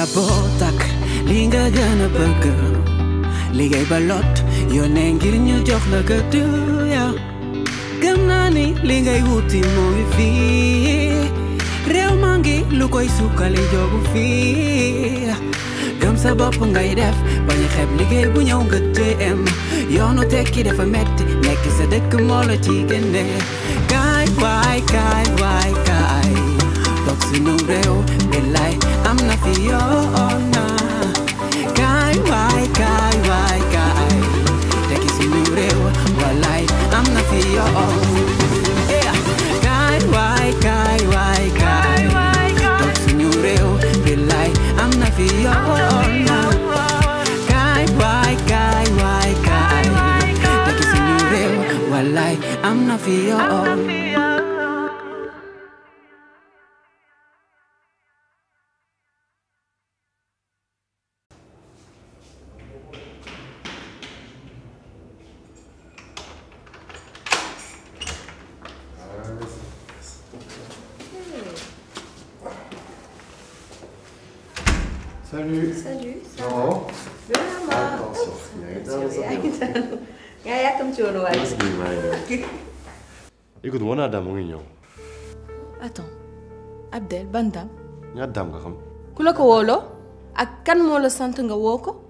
Botak, linga gëna bëgg liggéey ba lot yónnee ngir ñu jox la gëdd ya gëm naa ni li ngay wuti mooy fii réew maa ngi lu koy sukkali joogu fii gëm sa bopp ngay def bañ xeeb liggéey bu ñëw nga téem yoonu tekki dafa metti nekk sa dëkk moo la ci génne kaay waay kaay waay kaay toog sunu réew billaay I'm not for you, nah Guy, why, guy, why, guy That a new real, well, life. I'm not for you, Salut. Salut. Salut. Salut! Salut! Salut! Salut! Salut! Salut! Attends. Abdel, Salut! Salut! Salut! Salut! Salut! Salut!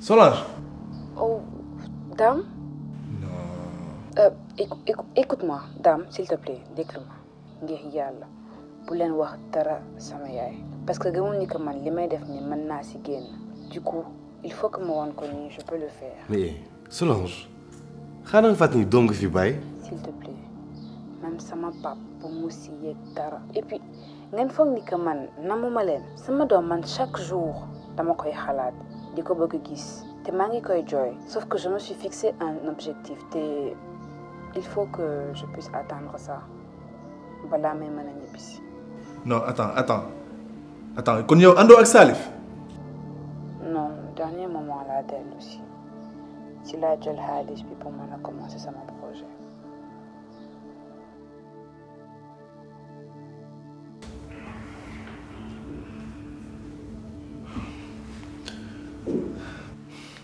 Solange Oh, dame Non. Euh, écoute, écoute-moi, dame, s'il te plaît, déclare-moi. ngir yàlla bu leen wax dara sama yaay parce que gëmul ni que man li may def ni mën naa si génn du coup il faut que ma woon ko nii je peux le faire. mais Solange xanaa nga fàttali doom nga fi bàyyi. s'il te plaît même sama pap bu mu si yëg et puis ngeen foog ni que man namuma leen sama doom man chaque jour dama koy xalaat di ko bëgg gis te maa koy jooy sauf que je me suis fixé un objectif te il faut que je puisse atteindre ça Voilà may mën a non attends attends attends kon yow àndoo ak Salif. non dernier moment laa aussi. si ci laa jël xaalis puis pour mën a commencer sama.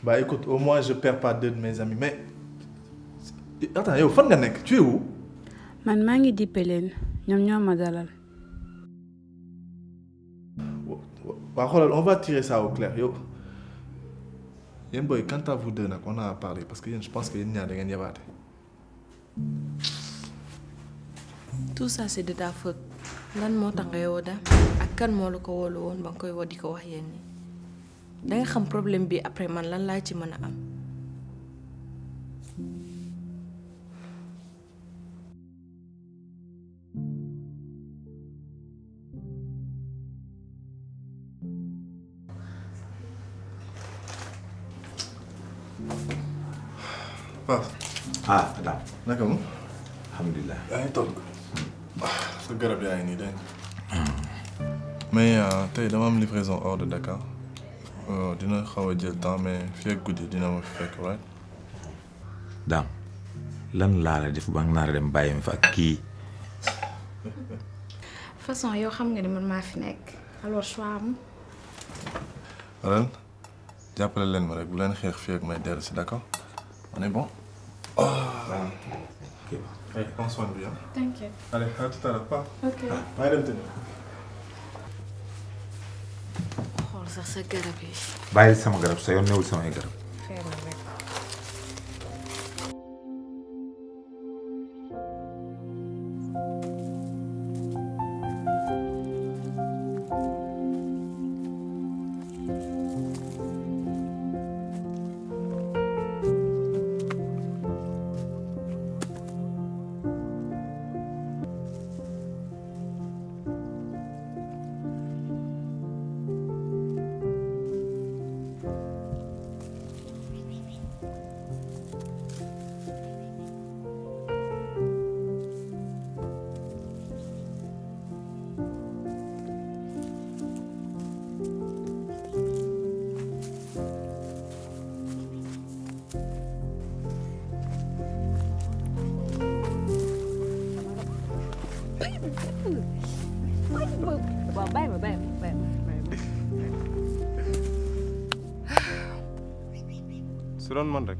Bah écoute, au moins je perds pas deux de mes amis. Mais attends, yo, fan nga nek, tu es où Man mangi di pelen, ñom ñoma dalal. Bah xolal, on va tirer ça au clair, yo. Yen boy, quand à vous deux nak, on a parlé parce que je pense que yeen ñaar da ngeen yabaté. Tout ça c'est de ta faute. Lan mo tax nga yow da ak kan mo lu ko wolu won bang koy wodi ko wax yenn ni. da nga xam problème bi après man lan laa ci mën a am Pape. ah Adam. naka mu. alhamdulilah. yaa ngi toog sa garab yaa ngi nii dégg mais tey dama am livraison hors de Dakar. Euh, dina xaw a jël temps mais fii ak guddi dina ma fekk waaye. daam lan laa la def ba naa dem bàyyi ma fa ak kii. façon yow xam nga ni man maa fi nekk jàppale leen ma rek bu leen xeex fii ak may dellu si d'accord on est bon. Ah. sax sa garab yi. bàyyil sama garab sa yoon samay garab. C'est babaye, su doon man rek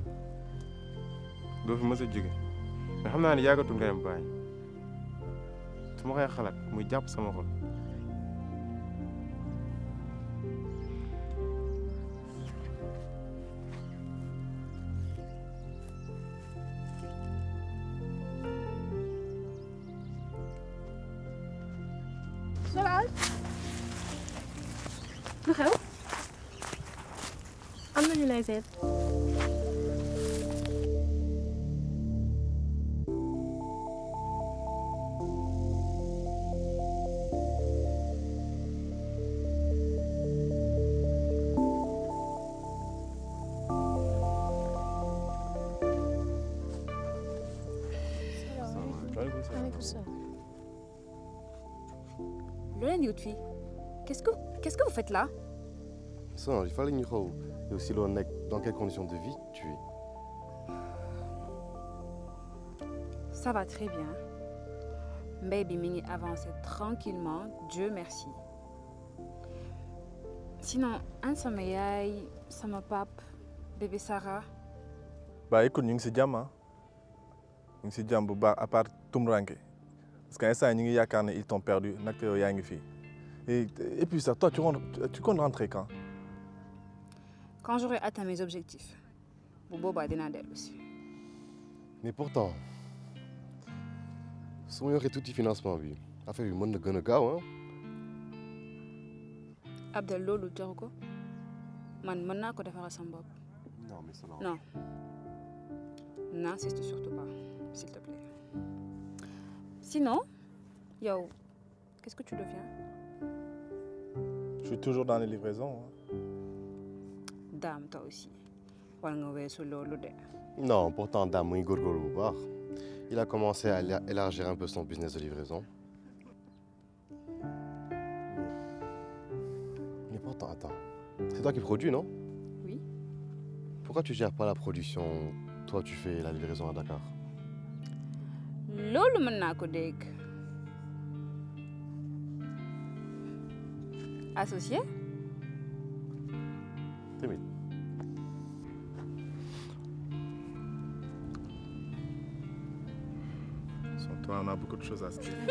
doo fi mës a jóge mais xam naa ne yàggatul nga dem su ma koy muy jàpp sama Nog heel? Andere leeftijd. qu'est-ce que, qu'est-ce que vous faites là Non, il fallait une Et aussi, dans quelles conditions de vie tu es Ça va très bien. Baby Mini avance tranquillement, Dieu merci. Sinon, un sommeil, ça pape, bébé Sarah. Bah écoute, nous sommes Nous sommes à part parce qu'à instant ñu ngi yaakaar ils t'ont perdu et puis ça toi tu comptes tu comptes rentrer quand. quand j'aurai atteint mes objectifs Bobo Badenadel aussi. mais pourtant su est tout tuuti financement bi affaire bi mën monde gën a gaaw ah. le loolu man mën naa ko defaral sama bopp. non mais non Non, n'insiste surtout pas. Sinon, yo, qu'est-ce que tu deviens Je suis toujours dans les livraisons. Hein. Dame, toi aussi. Non, pourtant, Dame, il a commencé à élargir un peu son business de livraison. Mais pourtant, attends, c'est toi qui produis, non Oui. pourquoi tu gères pas la production Toi, tu fais la livraison à Dakar loolu mën naa ko associé sans toi on a beaucoup de choses à se dire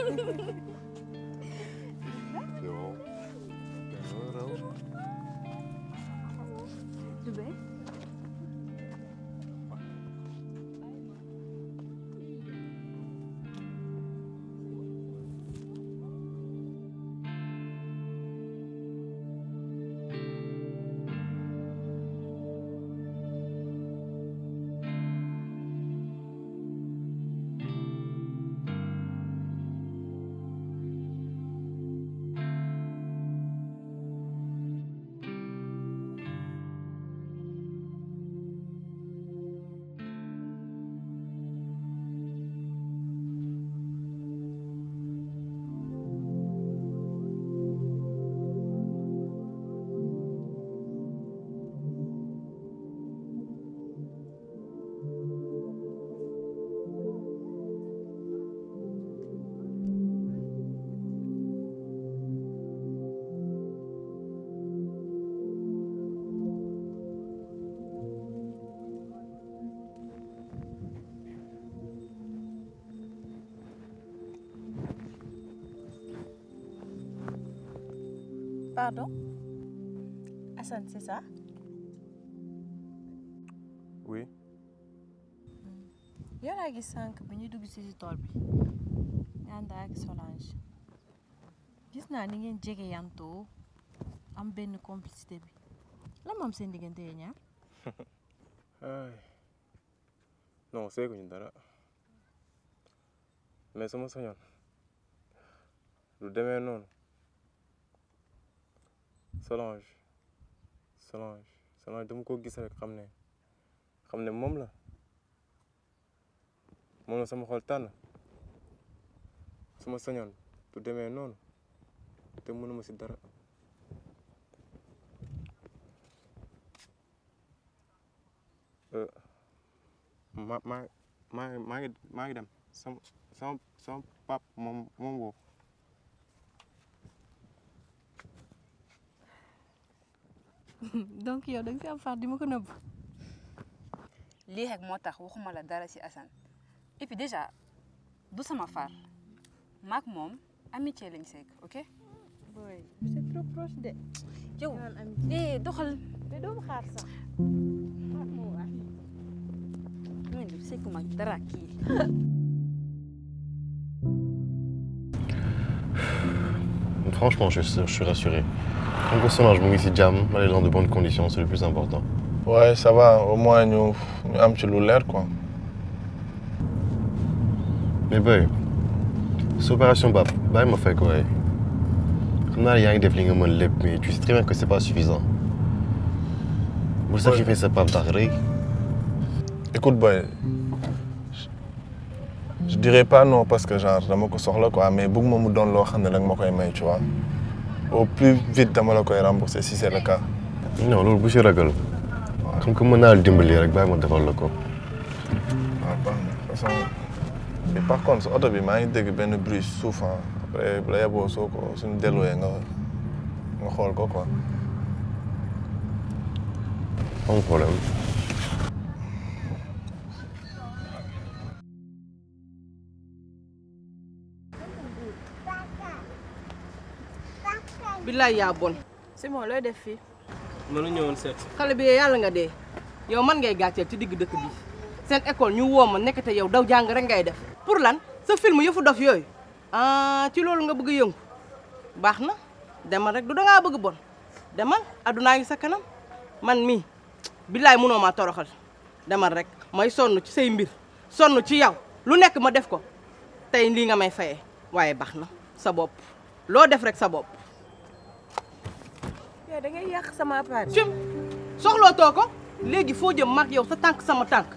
Pardon c'est ça Oui. y a gis qui dugg si la tool bi ànd ak Solange gis ni ngeen jege yantoo am quest complicité bi lan moom seen diggante yee ñaar. je seeguñu dara mais sama sañoon non. Solange Solange Solange dama ko rek ne je la la sama xol tu ma tu te mënuma si dara euh, ma ma ma ma ngi dem sama sama sama pap m'a donc yow am faar ko neub li rek motax dara ci et puis déjà du sama faar mak mom amitié ok. Oui, c'est trop proche de. yow eh doxal. mais xaar sax. Je suis Franchement, je, je suis rassuré. Tant que ça marche, bon, ici, jam, les gens de bonnes conditions, c'est le plus important. Ouais, ça va. Au moins, nous, nous avons un petit l'air, quoi. Mais boy, cette opération, bah, bah, m'a fait quoi. Comme là, il y a mon déflingue, mais tu sais très bien que c'est pas suffisant. Pour ça, j'ai fait ça, pas d'arrêt. Écoute, boy, je dirais pas non parce que genre, je suis là, quoi, mais beaucoup me donnent l'or, je suis là, tu vois au plus vite dama la koy rembourser si c'est le cas. non loolu bu ci ragal. comme que mën dimbali rek bàyyi ma defal lako ko. waaw ah, baax na par contre auto bi maa ngi dégg benn bruit suuf ah. après bu la yeboo soo ko suñu nga nga xol ko quoi. am problème. billahi ya bon. Simon lo def fi mënu ñewon set xale bi yaalla nga de yow man ngay gàcceel ci digg dekk bi sen école ñu woma ma nekkate yow daw jang rek ngay def. pour lan sa film yëfu ya, dof yoy ah ci lolou nga bëgg a yëngu baax na rek du nga bëgg bon demal aduna ngi sa kanam man mi billahi mëno ma toroxal demal rek may sonu ci sey mbir sonu ci yow lu nekk ma def ko tay li nga may fayé waye baxna sa bop lo def rek sa bop kay da ngay iya yàq sama appareil. jëm soxlootoo ko léegi yow sa tànk sama tank,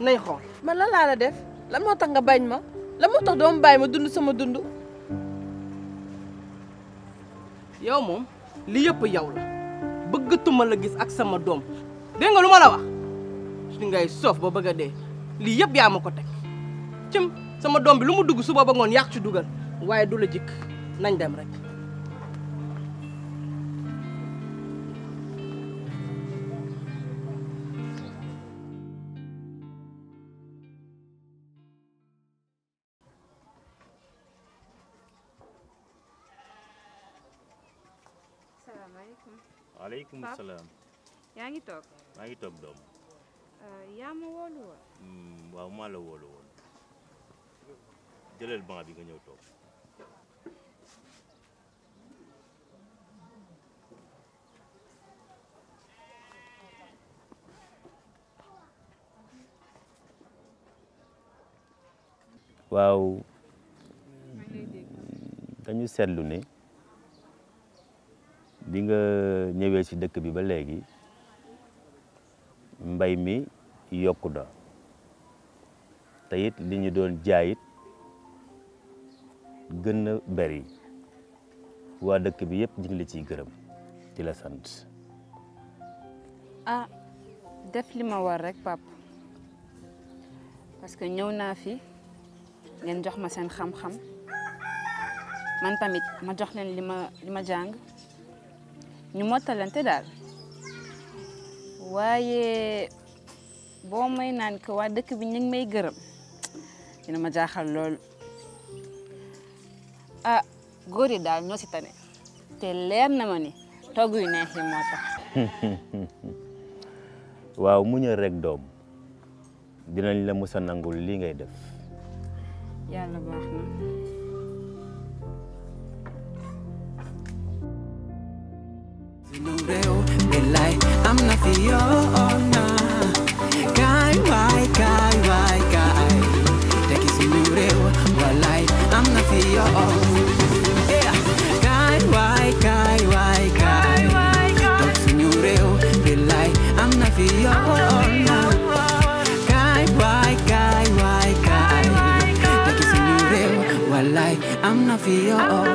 nañ xool. man la laa la def lan moo tax nga bañ ma lan moo tax ma dund sama dund. yow mom, li yëpp yow la bëggatuma la gis ak sama doom dégg nga lu ma la wax si ngay soof ba cim sama dom bi lu mu dugg suba ba ngoon yàq ci dugal waaye nañ dem rek. asalaamaaleykum. waaleykum salaam. yaa ngi toog. Eh, mm, maa ngi toog bi nga ñëw toog. waaw dañu seetlu ne. di nga ñëwé si dëkk bi ba légui mbay mi yokku da tayit li ñu doon jaayit gën a bari wa dëkk bi yépp ñu ngi gërëm di la sante ah def li ma war rek pap parce que ñëw na fi ngeen jox ma seen xam-xam man tamit ma jox leen lima lima jàng ñu mottalante daal waaye boo may naan ko waa dëkk bi ñu may gërëm dina ma jaaxal loolu ah góor yi daal ñoo si tane te leer na ma ni togg yu neex yi moo tax waaw muñal rek doom dinañ la mës a lii ngay def yàlla baax na I'm not for your